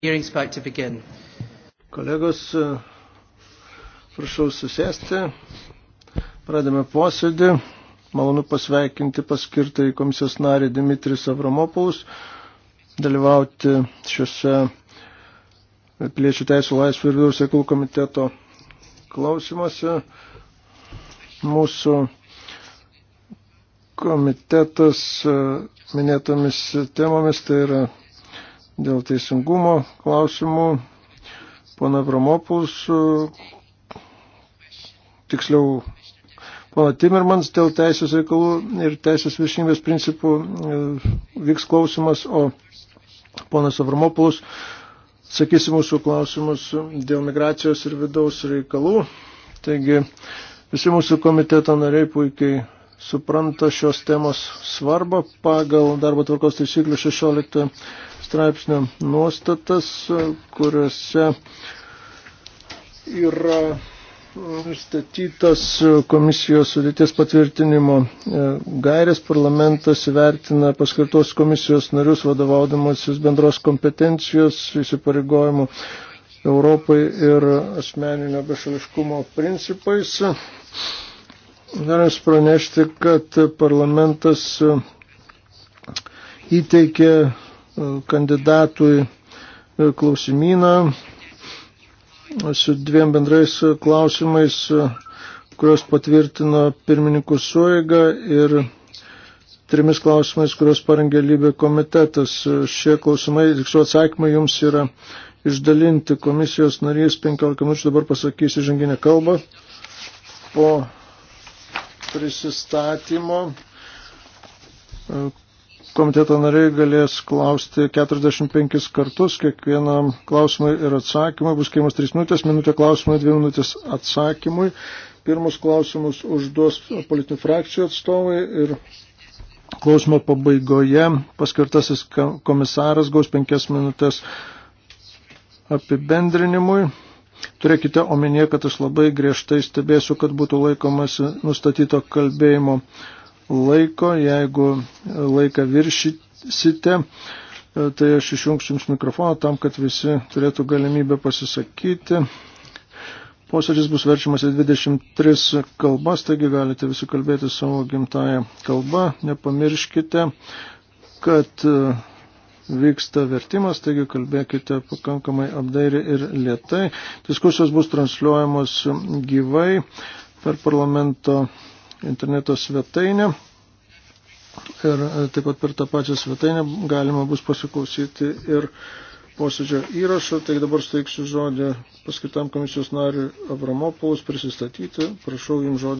Hearing's about to begin. Kolegos, e, prašau susėsti. Pradame posėdį. Malonu pasveikinti paskirtą į komisijos narį Dimitris Avramopoulos, dalyvauti šiuose piliečių teisų laisvių ir vidaus reikalų komiteto klausimuose. Mūsų komitetas e, minėtomis temomis tai yra dėl teisingumo klausimų. Pana Vramopus, tiksliau, pana Timirmans dėl teisės reikalų ir teisės viršinybės principų e, vyks klausimas, o ponas Avramopulus sakys mūsų klausimus dėl migracijos ir vidaus reikalų. Taigi visi mūsų komiteto nariai puikiai supranta šios temos svarbą pagal darbo tvarkos taisyklių 16 straipsnio nuostatas, kuriuose yra nustatytas komisijos sudėties patvirtinimo e, gairės. Parlamentas įvertina paskirtos komisijos narius vadovaudamasis bendros kompetencijos įsipareigojimų Europai ir asmeninio bešališkumo principais. Galim pranešti, kad parlamentas įteikė kandidatui e, klausimyną su dviem bendrais klausimais, kurios patvirtino pirmininkų suėga ir trimis klausimais, kurios parengė lybė komitetas. Šie klausimai, tiksliau atsakymai jums yra išdalinti komisijos narys 15 minučių, dabar pasakysiu žanginę kalbą. Po prisistatymo komiteto nariai galės klausti 45 kartus, kiekvienam klausimui ir atsakymui bus keimas 3 minutės, minutė klausimui, 2 minutės atsakymui. Pirmus klausimus užduos politinių frakcijų atstovai ir klausimo pabaigoje paskirtasis komisaras gaus 5 minutės apibendrinimui. Turėkite omenyje, kad aš labai griežtai stebėsiu, kad būtų laikomasi nustatyto kalbėjimo laiko. Jeigu laiką viršysite, e, tai aš išjungsiu jums mikrofoną tam, kad visi turėtų galimybę pasisakyti. Posėdis bus verčiamas į 23 kalbas, taigi galite visi kalbėti savo gimtają kalbą. Nepamirškite, kad e, vyksta vertimas, taigi kalbėkite pakankamai apdairiai ir lietai. Diskusijos bus transliuojamos gyvai per parlamento interneto svetainę. Ir e, taip pat per tą pačią svetainę galima bus pasiklausyti ir posėdžio įrašo. Tai dabar steiksiu žodį paskirtam komisijos nariui Avramopoulos prisistatyti. Prašau jums žodį.